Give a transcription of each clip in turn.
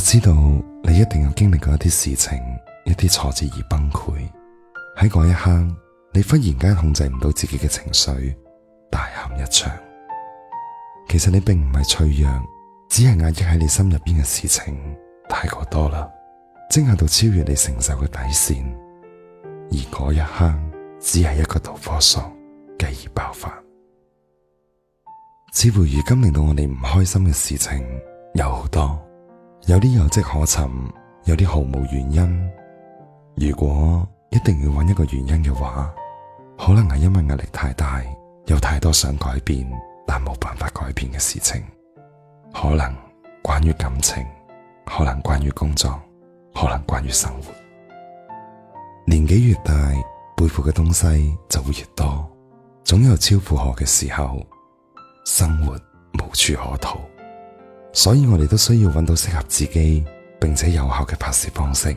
我知道你一定有經歷過一啲事情，一啲挫折而崩潰。喺嗰一刻，你忽然間控制唔到自己嘅情緒，大喊一場。其實你並唔係脆弱，只係壓抑喺你心入邊嘅事情太過多啦，震撼到超越你承受嘅底線。而嗰一刻，只係一個導火索，繼而爆發。似乎如今令到我哋唔開心嘅事情有好多。有啲有跡可尋，有啲毫無原因。如果一定要揾一個原因嘅話，可能係因為壓力太大，有太多想改變但冇辦法改變嘅事情。可能關於感情，可能關於工作，可能關於生活。年紀越大，背負嘅東西就會越多，總有超負荷嘅時候，生活無處可逃。所以我哋都需要揾到適合自己並且有效嘅拍攝方式，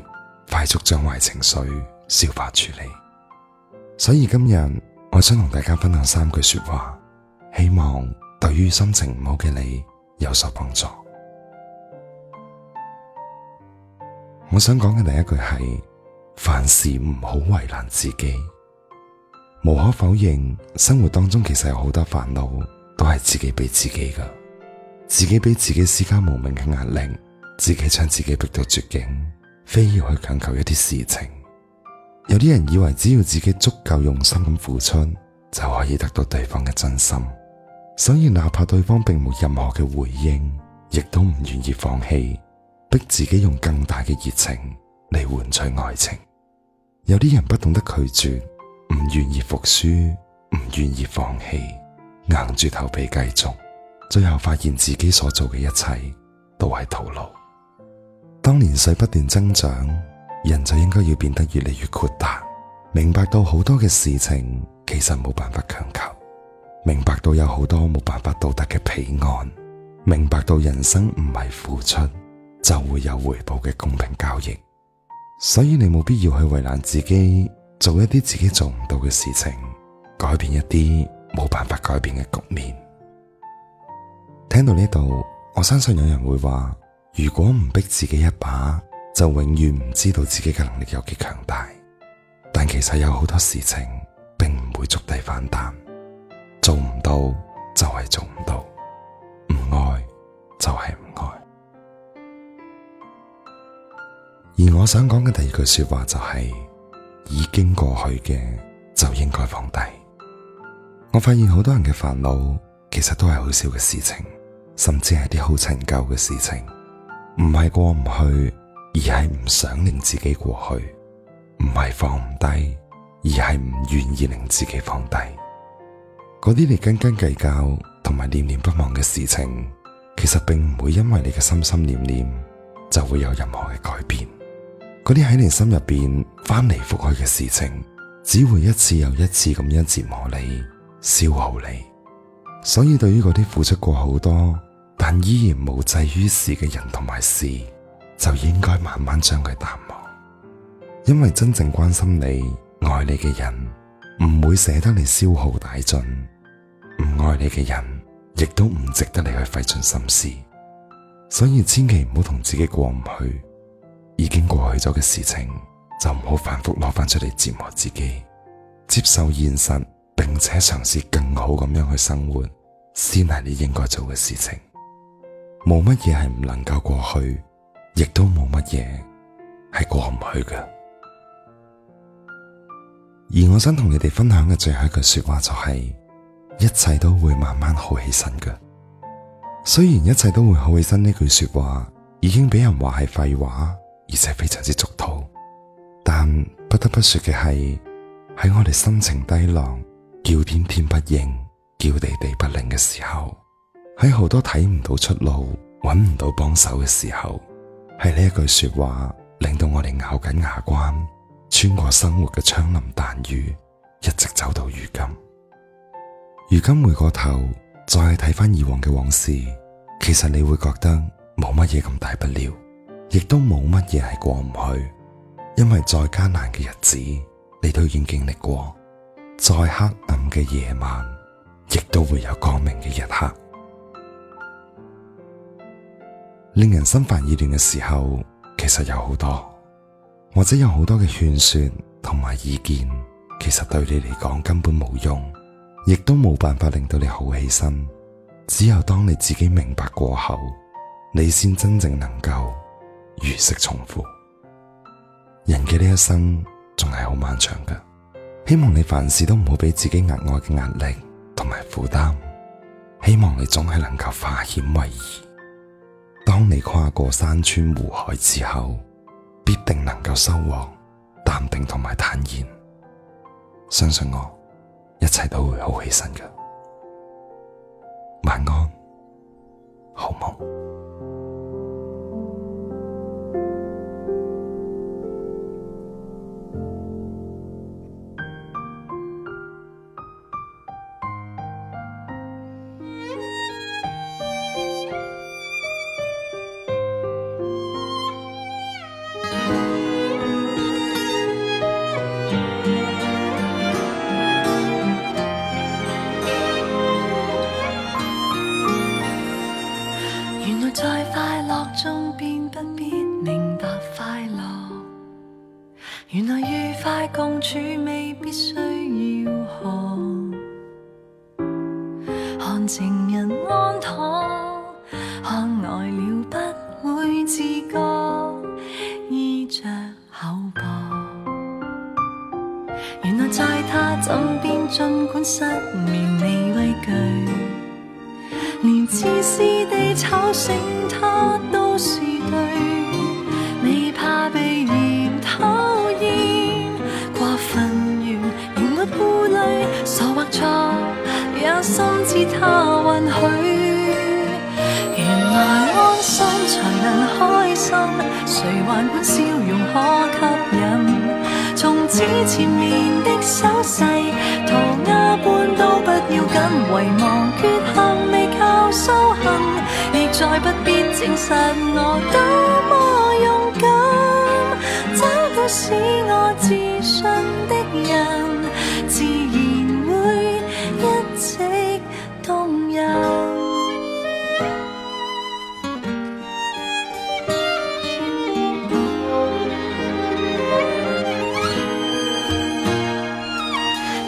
快速將壞情緒消化處理。所以今日我想同大家分享三句說話，希望對於心情唔好嘅你有所幫助。我想講嘅第一句係：凡事唔好為難自己。無可否認，生活當中其實有好多煩惱都係自己俾自己嘅。自己俾自己施加無名嘅壓力，自己將自己逼到絕境，非要去強求，求一啲事情。有啲人以為只要自己足夠用心咁付出，就可以得到對方嘅真心，所以哪怕對方並冇任何嘅回應，亦都唔願意放棄，逼自己用更大嘅熱情嚟換取愛情。有啲人不懂得拒絕，唔願意服輸，唔願意放棄，硬住頭皮繼續。最後發現自己所做嘅一切都係徒勞。當年歲不斷增長，人就應該要變得越嚟越豁達，明白到好多嘅事情其實冇辦法強求，明白到有好多冇辦法到達嘅彼岸，明白到人生唔係付出就會有回報嘅公平交易。所以你冇必要去為難自己，做一啲自己做唔到嘅事情，改變一啲冇辦法改變嘅局面。聽到呢度，我相信有人會話：如果唔逼自己一把，就永遠唔知道自己嘅能力有幾強大。但其實有好多事情並唔會觸底反彈，做唔到就係做唔到，唔愛就係唔愛。而我想講嘅第二句說話就係：已經過去嘅就應該放低。我發現好多人嘅煩惱其實都係好少嘅事情。甚至係啲好陳舊嘅事情，唔係過唔去，而係唔想令自己過去；唔係放唔低，而係唔願意令自己放低。嗰啲你斤斤計較同埋念念不忘嘅事情，其實並唔會因為你嘅心心念念就會有任何嘅改變。嗰啲喺你心入邊翻嚟覆去嘅事情，只會一次又一次咁樣折磨你、消耗你。所以，對於嗰啲付出過好多，但依然無濟於事嘅人同埋事，就應該慢慢將佢淡忘。因為真正關心你、愛你嘅人，唔會捨得你消耗殆盡；唔愛你嘅人，亦都唔值得你去費盡心思。所以，千祈唔好同自己過唔去。已經過去咗嘅事情，就唔好反覆攞翻出嚟折磨自己。接受現實。並且嘗試更好咁樣去生活，先係你應該做嘅事情。冇乜嘢係唔能夠過去，亦都冇乜嘢係過唔去嘅。而我想同你哋分享嘅最後一句說話就係：一切都會慢慢好起身嘅。雖然一切都會好起身呢句說話已經俾人話係廢話，而且非常之俗套，但不得不說嘅係喺我哋心情低落，叫天天不應，叫地地不靈嘅時候，喺好多睇唔到出路，搵唔到幫手嘅時候，係呢一句說話令到我哋咬緊牙關，穿過生活嘅槍林彈雨，一直走到如今。如今回過頭再睇翻以往嘅往事，其實你會覺得冇乜嘢咁大不了，亦都冇乜嘢係過唔去，因為再艱難嘅日子，你都已經經歷過。再黑暗嘅夜晚，亦都會有光明嘅一刻。令人心煩意亂嘅時候，其實有好多，或者有好多嘅勸說同埋意見，其實對你嚟講根本冇用，亦都冇辦法令到你好起身。只有當你自己明白過後，你先真正能夠如釋重負。人嘅呢一生仲係好漫長㗎。希望你凡事都唔好俾自己額外嘅壓力同埋負擔，希望你總係能夠化險為夷。當你跨過山川湖海之後，必定能夠收穫淡定同埋坦然。相信我，一切都會好起身嘅。晚安，好夢。原來愉快共處未必需要看，看情人安躺，看愛了不會自覺，衣着厚薄。原來在他枕邊，儘管失眠未畏懼，連自私地吵醒他都是對。也深知他允許，原來安心才能開心。誰還管笑容可吸引？從此纏綿的手勢，塗鴉般都不要緊。遺忘缺陷未靠修行，亦再不必證實我多麼勇敢，找到使我自信。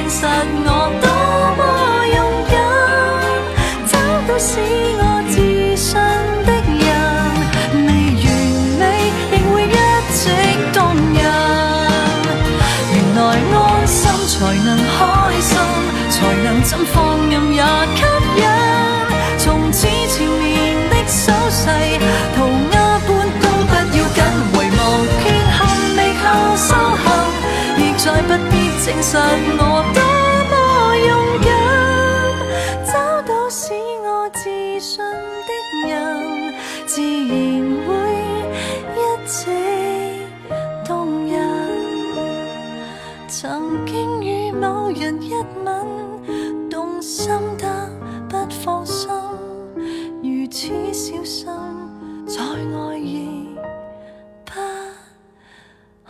證實我多麼勇敢，找到使我自信的人，未完美仍會一直動人。原來安心才能開心，才能怎放任也吸引。從此前面的手勢塗鴉般都不要緊，回望缺陷未靠修行，亦再不必證實我。